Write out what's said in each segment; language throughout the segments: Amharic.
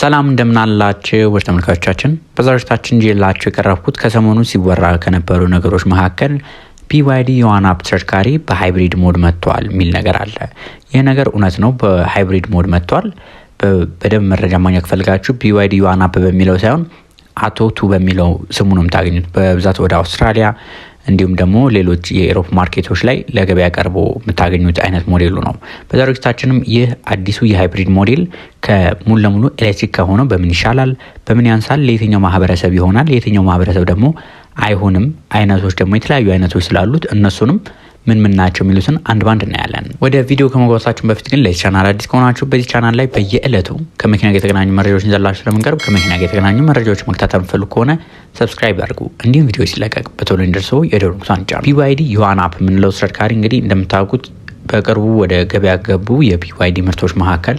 ሰላም እንደምናላችሁ ውድ ተመልካቾቻችን፣ በዛሬታችን እንጀላችሁ የቀረብኩት ከሰሞኑ ሲወራ ከነበሩ ነገሮች መካከል ቢዋይዲ የዋና ተሽከርካሪ በሃይብሪድ ሞድ መጥቷል የሚል ነገር አለ። ይህ ነገር እውነት ነው፣ በሃይብሪድ ሞድ መጥቷል። በደንብ መረጃ ማግኘት ከፈልጋችሁ ቢዋይዲ ዮዋን በሚለው ሳይሆን አቶ ቱ በሚለው ስሙ ነው የምታገኙት። በብዛት ወደ አውስትራሊያ እንዲሁም ደግሞ ሌሎች የኤሮፕ ማርኬቶች ላይ ለገበያ ቀርቦ የምታገኙት አይነት ሞዴሉ ነው። በዛሬው ዝግጅታችንም ይህ አዲሱ የሃይብሪድ ሞዴል ከሙሉ ለሙሉ ኤሌክትሪክ ከሆነው በምን ይሻላል፣ በምን ያንሳል፣ ለየትኛው ማህበረሰብ ይሆናል፣ ለየትኛው ማህበረሰብ ደግሞ አይሆንም፣ አይነቶች ደግሞ የተለያዩ አይነቶች ስላሉት እነሱንም ምን ምን ናቸው የሚሉትን አንድ ባንድ እናያለን። ወደ ቪዲዮ ከመግባታችን በፊት ግን ለዚህ ቻናል አዲስ ከሆናችሁ በዚህ ቻናል ላይ በየዕለቱ ከመኪና ጋር የተገናኙ መረጃዎች እንዘላችሁ ስለምንቀርብ ከመኪና ጋር የተገናኙ መረጃዎች መከታተል ምፈልጉ ከሆነ ሰብስክራይብ አድርጉ። እንዲሁም ቪዲዮ ሲለቀቅ በቶሎ እንዲደርሰው የደወል ምልክቱን ይጫኑ። ቢዋይዲ ዩዋን አፕ የምንለው ተሽከርካሪ እንግዲህ እንደምታውቁት በቅርቡ ወደ ገበያ ገቡ የቢዋይዲ ምርቶች መካከል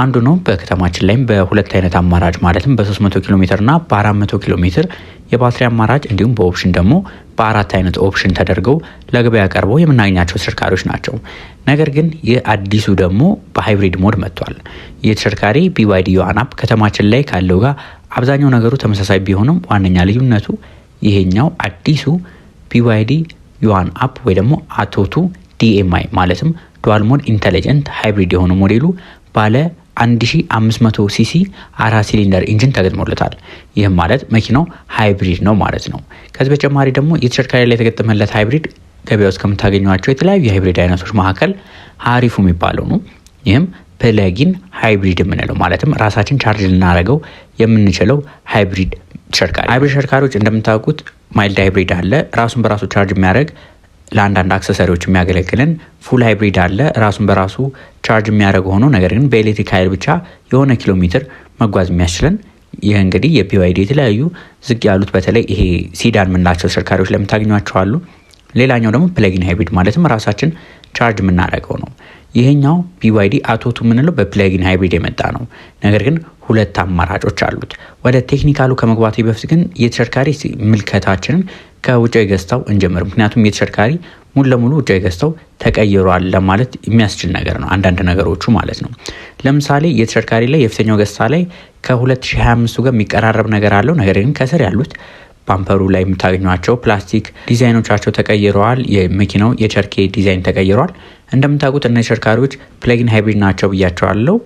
አንዱ ነው። በከተማችን ላይም በሁለት አይነት አማራጭ ማለትም በ300 ኪሎ ሜትር በ400 ኪሎ ሜትር የባትሪ አማራጭ እንዲሁም በኦፕሽን ደግሞ በአራት አይነት ኦፕሽን ተደርገው ለገበያ ቀርበው የምናገኛቸው ተሽከርካሪዎች ናቸው። ነገር ግን ይህ አዲሱ ደግሞ በሃይብሪድ ሞድ መጥቷል። ይህ ተሽከርካሪ ቢዋይዲ ዮአናፕ ከተማችን ላይ ካለው ጋር አብዛኛው ነገሩ ተመሳሳይ ቢሆንም ዋነኛ ልዩነቱ ይሄኛው አዲሱ ቢዋይዲ ዮአን አፕ ወይ ደግሞ አቶቱ ዲኤምአይ ማለትም ዱዋል ሞድ ኢንተለጀንት ሃይብሪድ የሆነ ሞዴሉ ባለ 1500 ሲሲ አራት ሲሊንደር ኢንጂን ተገጥሞለታል። ይህም ማለት መኪናው ሃይብሪድ ነው ማለት ነው። ከዚህ በተጨማሪ ደግሞ የተሽከርካሪ ላይ የተገጠመለት ሃይብሪድ ገበያ ውስጥ ከምታገኟቸው የተለያዩ የሃይብሪድ አይነቶች መካከል አሪፉ የሚባለው ነው። ይህም ፕለጊን ሃይብሪድ የምንለው ማለትም ራሳችን ቻርጅ ልናደርገው የምንችለው ሃይብሪድ ተሽከርካሪ። ሃይብሪድ ተሽከርካሪዎች እንደምታውቁት ማይልድ ሃይብሪድ አለ፣ ራሱን በራሱ ቻርጅ የሚያደርግ ለአንዳንድ አክሰሰሪዎች የሚያገለግልን ፉል ሃይብሪድ አለ። ራሱን በራሱ ቻርጅ የሚያደርግ ሆኖ ነገር ግን በኤሌክትሪክ ኃይል ብቻ የሆነ ኪሎ ሜትር መጓዝ የሚያስችለን ይህ እንግዲህ የቢዋይዲ የተለያዩ ዝቅ ያሉት በተለይ ይሄ ሲዳን የምንላቸው ተሽከርካሪዎች ለምታገኟቸው አሉ። ሌላኛው ደግሞ ፕለጊን ሃይብሪድ ማለትም ራሳችን ቻርጅ የምናደርገው ነው። ይሄኛው ቢዋይዲ አቶቱ የምንለው በፕለጊን ሃይብሪድ የመጣ ነው። ነገር ግን ሁለት አማራጮች አሉት። ወደ ቴክኒካሉ ከመግባቱ በፊት ግን የተሽከርካሪ ምልከታችንን ከውጫዊ ገጽታው እንጀምር። ምክንያቱም የተሽከርካሪ ሙሉ ለሙሉ ውጫዊ ገጽታው ተቀይሯል ለማለት የሚያስችል ነገር ነው። አንዳንድ ነገሮቹ ማለት ነው። ለምሳሌ የተሽከርካሪ ላይ የፊተኛው ገጽታ ላይ ከ2025 ጋር የሚቀራረብ ነገር አለው። ነገር ግን ከስር ያሉት ባምፐሩ ላይ የምታገኟቸው ፕላስቲክ ዲዛይኖቻቸው ተቀይረዋል። የመኪናው የቸርኬ ዲዛይን ተቀይረዋል። እንደምታውቁት እነዚህ ተሽከርካሪዎች ፕለጊን ሃይብሪድ ናቸው ብያቸዋለሁ።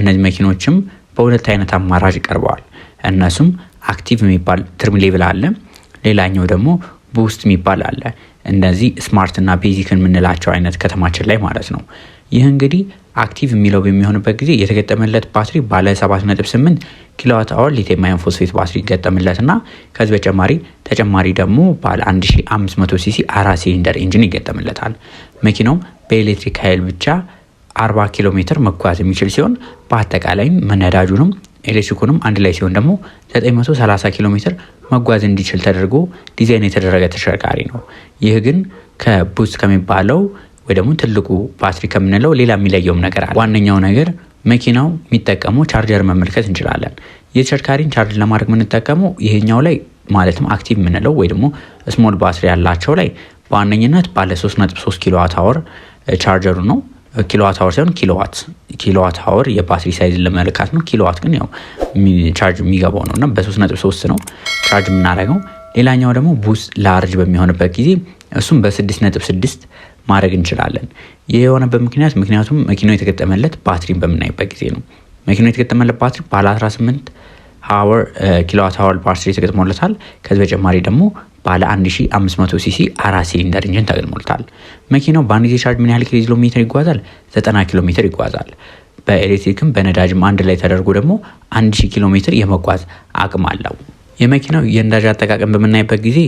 እነዚህ መኪኖችም በሁለት አይነት አማራጭ ቀርበዋል። እነሱም አክቲቭ የሚባል ትርም ሌብል አለ ሌላኛው ደግሞ ቡስት የሚባል አለ። እንደዚህ ስማርት እና ቤዚክ የምንላቸው አይነት ከተማችን ላይ ማለት ነው። ይህ እንግዲህ አክቲቭ የሚለው በሚሆንበት ጊዜ የተገጠመለት ባትሪ ባለ 7.8 ኪሎዋት አወር ሊቲየም ፎስፌት ባትሪ ይገጠምለትና ከዚህ በጨማሪ ተጨማሪ ደግሞ ባለ 1500 ሲሲ አራት ሲሊንደር ኢንጂን ይገጠምለታል። መኪናውም በኤሌክትሪክ ኃይል ብቻ 40 ኪሎ ሜትር መጓዝ የሚችል ሲሆን በአጠቃላይም መነዳጁንም ኤሌክትሪኩንም አንድ ላይ ሲሆን ደግሞ 930 ኪሎ ሜትር መጓዝ እንዲችል ተደርጎ ዲዛይን የተደረገ ተሽከርካሪ ነው። ይህ ግን ከቡስ ከሚባለው ወይ ደግሞ ትልቁ ባትሪ ከምንለው ሌላ የሚለየውም ነገር አለ። ዋነኛው ነገር መኪናው የሚጠቀመው ቻርጀር መመልከት እንችላለን። የተሽከርካሪን ቻርጅ ለማድረግ የምንጠቀመው ይህኛው ላይ ማለትም አክቲቭ የምንለው ወይ ደግሞ ስሞል ባትሪ ያላቸው ላይ በዋነኝነት ባለ 3.3 ኪሎዋት አወር ቻርጀሩ ነው። ኪሎዋት ሀወር ሳይሆን ኪሎዋት ኪሎዋት ሀወር የባትሪ ሳይዝ ለመለካት ነው። ኪሎዋት ግን ያው ቻርጅ የሚገባው ነው እና በሶስት ነጥብ ሶስት ነው ቻርጅ የምናደርገው። ሌላኛው ደግሞ ቡስ ላርጅ በሚሆንበት ጊዜ እሱም በስድስት ነጥብ ስድስት ማድረግ እንችላለን። ይህ የሆነበት ምክንያት ምክንያቱም መኪናው የተገጠመለት ባትሪን በምናይበት ጊዜ ነው። መኪናው የተገጠመለት ባትሪ ባለ 18 ሀወር ኪሎዋት ሀወር ባትሪ ተገጥሞለታል። ከዚህ በተጨማሪ ደግሞ ባለ 1500 ሲሲ አራት ሲሊንደር ኢንጂን ተገጥሞልታል። መኪናው በአንድ ጊዜ ቻርጅ ምን ያህል ኪሎ ሜትር ይጓዛል? 90 ኪሎ ሜትር ይጓዛል። በኤሌክትሪክም በነዳጅም አንድ ላይ ተደርጎ ደግሞ 1000 ኪሎ ሜትር የመጓዝ አቅም አለው። የመኪናው የነዳጅ አጠቃቀም በምናይበት ጊዜ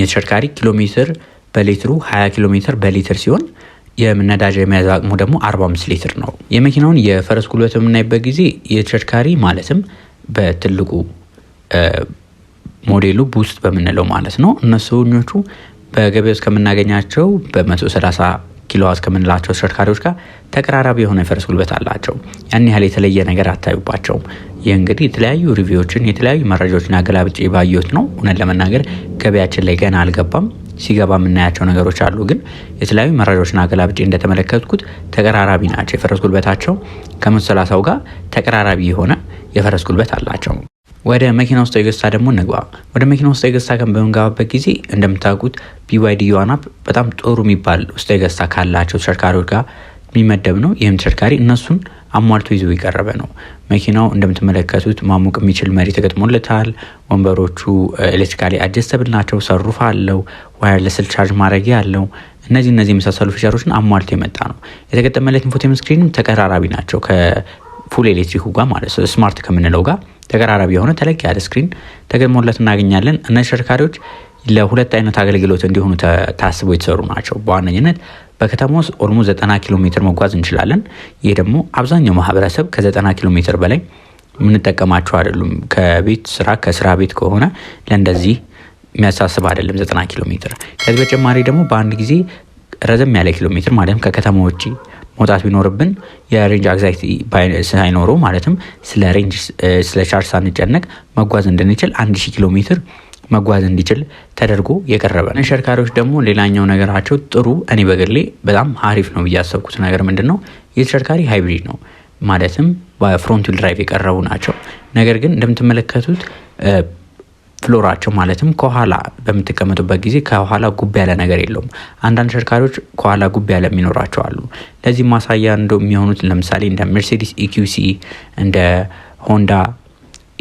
የተሽከርካሪ ኪሎ ሜትር በሊትሩ 20 ኪሎ ሜትር በሊትር ሲሆን የነዳጅ የመያዝ አቅሙ ደግሞ 45 ሊትር ነው። የመኪናውን የፈረስ ጉልበት በምናይበት ጊዜ የተሽከርካሪ ማለትም በትልቁ ሞዴሉ ቡስት በምንለው ማለት ነው። እነሱኞቹ በገበያ ውስጥ ከምናገኛቸው በ130 ኪሎዋት ከምንላቸው ተሽከርካሪዎች ጋር ተቀራራቢ የሆነ የፈረስ ጉልበት አላቸው። ያን ያህል የተለየ ነገር አታዩባቸውም። ይህ እንግዲህ የተለያዩ ሪቪዎችን የተለያዩ መረጃዎችን አገላብጬ ባየሁት ነው። እውነት ለመናገር ገበያችን ላይ ገና አልገባም። ሲገባ የምናያቸው ነገሮች አሉ። ግን የተለያዩ መረጃዎችን አገላብጬ እንደተመለከትኩት ተቀራራቢ ናቸው። የፈረስ ጉልበታቸው ከመቶ ሰላሳው ጋር ተቀራራቢ የሆነ የፈረስ ጉልበት አላቸው። ወደ መኪና ውስጥ የገዝታ ደግሞ እንግባ። ወደ መኪና ውስጥ የገዝታ ከን በምንገባበት ጊዜ እንደምታውቁት ቢዋይዲ ዮዋን በጣም ጥሩ የሚባል ውስጥ የገዝታ ካላቸው ተሽከርካሪዎች ጋር የሚመደብ ነው። ይህም ተሽከርካሪ እነሱን አሟልቶ ይዞ የቀረበ ነው። መኪናው እንደምትመለከቱት ማሞቅ የሚችል መሪ ተገጥሞለታል። ወንበሮቹ ኤሌክትሪካሊ አጀስተብል ናቸው። ሰሩፍ አለው። ዋየርለስ ቻርጅ ማድረጊያ አለው። እነዚህ እነዚህ የመሳሰሉ ፊቸሮችን አሟልቶ የመጣ ነው። የተገጠመለት ኢንፎቴም ስክሪንም ተቀራራቢ ናቸው ከፉል ኤሌክትሪኩ ጋር ማለት ስማርት ከምንለው ጋር ተቀራራቢ የሆነ ተለቅ ያለ ስክሪን ተገድሞለት እናገኛለን። እነዚህ ተሽከርካሪዎች ለሁለት አይነት አገልግሎት እንዲሆኑ ታስቦ የተሰሩ ናቸው። በዋነኝነት በከተማ ውስጥ ኦልሞ 90 ኪሎ ሜትር መጓዝ እንችላለን። ይህ ደግሞ አብዛኛው ማህበረሰብ ከ90 ኪሎ ሜትር በላይ የምንጠቀማቸው አይደሉም። ከቤት ስራ ከስራ ቤት ከሆነ ለእንደዚህ የሚያሳስብ አይደለም 90 ኪሎ ሜትር። ከዚህ በተጨማሪ ደግሞ በአንድ ጊዜ ረዘም ያለ ኪሎ ሜትር ማለትም ከከተማ ውጭ መውጣት ቢኖርብን የሬንጅ አግዛይቲ ሳይኖሩ ማለትም ስለ ሬንጅ ስለ ቻርጅ ሳንጨነቅ መጓዝ እንድንችል አንድ ሺህ ኪሎ ሜትር መጓዝ እንዲችል ተደርጎ የቀረበ ተሽከርካሪዎች ደግሞ ሌላኛው ነገራቸው ጥሩ እኔ በግሌ በጣም አሪፍ ነው ብዬ ያሰብኩት ነገር ምንድን ነው የተሽከርካሪ ሃይብሪድ ነው ማለትም በፍሮንት ዊል ድራይቭ የቀረቡ ናቸው ነገር ግን እንደምትመለከቱት ፍሎራቸው ማለትም ከኋላ በምትቀመጡበት ጊዜ ከኋላ ጉብ ያለ ነገር የለውም። አንዳንድ ተሽከርካሪዎች ከኋላ ጉብ ያለ የሚኖራቸው አሉ። ለዚህ ማሳያ የሚሆኑት ለምሳሌ እንደ ሜርሴዲስ ኢኪውሲ e እንደ ሆንዳ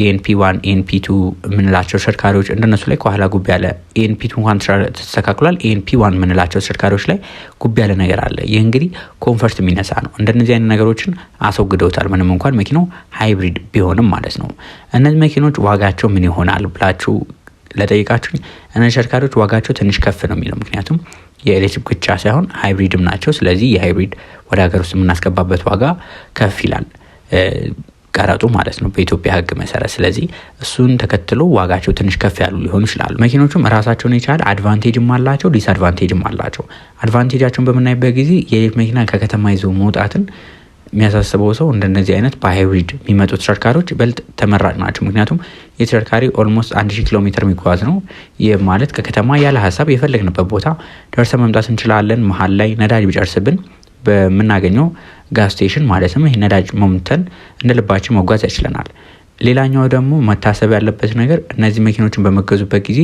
ኤንፒ ዋን ኤንፒ ቱ የምንላቸው ተሽከርካሪዎች እንደነሱ ላይ ከኋላ ጉብ ያለ ኤንፒ ቱ እንኳን ተስተካክሏል። ኤንፒ ዋን የምንላቸው ተሽከርካሪዎች ላይ ጉብ ያለ ነገር አለ። ይህ እንግዲህ ኮንፈርት የሚነሳ ነው። እንደነዚህ አይነት ነገሮችን አስወግደውታል። ምንም እንኳን መኪናው ሃይብሪድ ቢሆንም ማለት ነው። እነዚህ መኪኖች ዋጋቸው ምን ይሆናል ብላችሁ ለጠይቃችሁኝ እነዚህ ተሽከርካሪዎች ዋጋቸው ትንሽ ከፍ ነው የሚለው ምክንያቱም የኤሌክትሪክ ብቻ ሳይሆን ሃይብሪድም ናቸው። ስለዚህ የሃይብሪድ ወደ ሀገር ውስጥ የምናስገባበት ዋጋ ከፍ ይላል። ቀረጡ ማለት ነው በኢትዮጵያ ህግ መሰረት። ስለዚህ እሱን ተከትሎ ዋጋቸው ትንሽ ከፍ ያሉ ሊሆኑ ይችላሉ። መኪኖቹም ራሳቸውን የቻለ አድቫንቴጅም አላቸው፣ ዲስአድቫንቴጅም አላቸው። አድቫንቴጃቸውን በምናይበት ጊዜ የሌት መኪና ከከተማ ይዞ መውጣትን የሚያሳስበው ሰው እንደነዚህ አይነት በሃይብሪድ የሚመጡ ተሽከርካሪዎች በልጥ ተመራጭ ናቸው። ምክንያቱም የተሽከርካሪ ኦልሞስት አንድ ሺህ ኪሎ ሜትር የሚጓዝ ነው። ይህ ማለት ከከተማ ያለ ሀሳብ የፈለግንበት ቦታ ደርሰ መምጣት እንችላለን። መሀል ላይ ነዳጅ ቢጨርስብን በምናገኘው ጋዝ ስቴሽን ማለትም ይህ ነዳጅ መምተን እንደ ልባችን መጓዝ ያችለናል። ሌላኛው ደግሞ መታሰብ ያለበት ነገር እነዚህ መኪኖችን በመገዙበት ጊዜ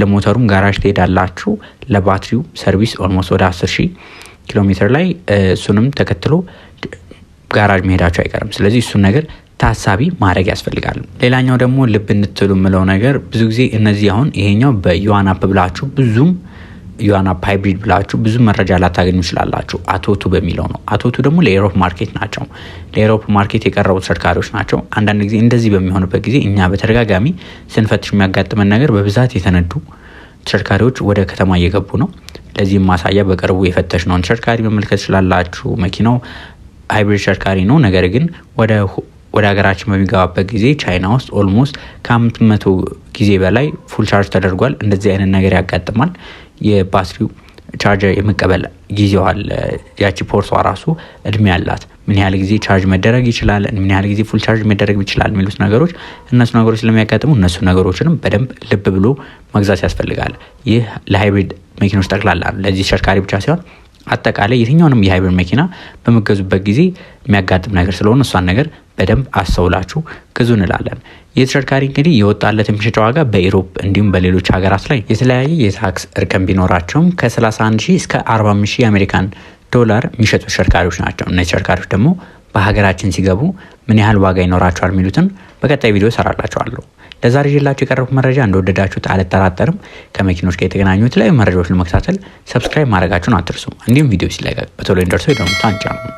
ለሞተሩም ጋራጅ ትሄዳላችሁ፣ ለባትሪው ሰርቪስ ኦልሞስት ወደ 1ሺ ኪሎ ሜትር ላይ እሱንም ተከትሎ ጋራጅ መሄዳቸው አይቀርም። ስለዚህ እሱን ነገር ታሳቢ ማድረግ ያስፈልጋል። ሌላኛው ደግሞ ልብ እንትሉ የምለው ነገር ብዙ ጊዜ እነዚህ አሁን ይሄኛው በዩዋን አፕ ብላችሁ ብዙም ዩዋናፕ ሃይብሪድ ብላችሁ ብዙ መረጃ ላታገኙ ይችላላችሁ። አቶቱ በሚለው ነው። አቶቱ ደግሞ ለኤሮፕ ማርኬት ናቸው። ለኤሮፕ ማርኬት የቀረቡ ተሽከርካሪዎች ናቸው። አንዳንድ ጊዜ እንደዚህ በሚሆንበት ጊዜ እኛ በተደጋጋሚ ስንፈትሽ የሚያጋጥመን ነገር በብዛት የተነዱ ተሽከርካሪዎች ወደ ከተማ እየገቡ ነው። ለዚህም ማሳያ በቅርቡ የፈተሽ ነውን ተሽከርካሪ መመልከት ይችላላችሁ። መኪናው ሃይብሪድ ተሽከርካሪ ነው። ነገር ግን ወደ ወደ ሀገራችን በሚገባበት ጊዜ ቻይና ውስጥ ኦልሞስት ከአምስት መቶ ጊዜ በላይ ፉል ቻርጅ ተደርጓል። እንደዚህ አይነት ነገር ያጋጥማል። የባትሪው ቻርጀር የመቀበል ጊዜዋል ያቺ ፖርሷ ራሱ እድሜ ያላት ምን ያህል ጊዜ ቻርጅ መደረግ ይችላል፣ ምን ያህል ጊዜ ፉል ቻርጅ መደረግ ይችላል የሚሉት ነገሮች እነሱ ነገሮች ስለሚያጋጥሙ እነሱ ነገሮችንም በደንብ ልብ ብሎ መግዛት ያስፈልጋል። ይህ ለሃይብሪድ መኪኖች ጠቅላላ ለዚህ ተሽከርካሪ ብቻ ሲሆን አጠቃላይ የትኛውንም የሃይብሪድ መኪና በምገዙበት ጊዜ የሚያጋጥም ነገር ስለሆነ እሷን ነገር በደንብ አስተውላችሁ ግዙ እንላለን። ይህ ተሽከርካሪ እንግዲህ የወጣለት የመሸጫ ዋጋ በኢሮፕ እንዲሁም በሌሎች ሀገራት ላይ የተለያየ የታክስ እርከን ቢኖራቸውም ከ31 ሺህ እስከ 45 ሺህ የአሜሪካን ዶላር የሚሸጡ ተሽከርካሪዎች ናቸው። እነዚህ ተሽከርካሪዎች ደግሞ በሀገራችን ሲገቡ ምን ያህል ዋጋ ይኖራቸዋል የሚሉትን በቀጣይ ቪዲዮ ሰራላቸዋለሁ። ለዛሬ ይዤላችሁ የቀረቡት መረጃ እንደወደዳችሁት አልጠራጠርም። ከመኪኖች ጋር የተገናኙ የተለያዩ መረጃዎች ለመከታተል ሰብስክራይብ ማድረጋችሁን አትርሱ። እንዲሁም ቪዲዮ ሲለቀቅ በቶሎ እንደርሰው አንጫ ነው።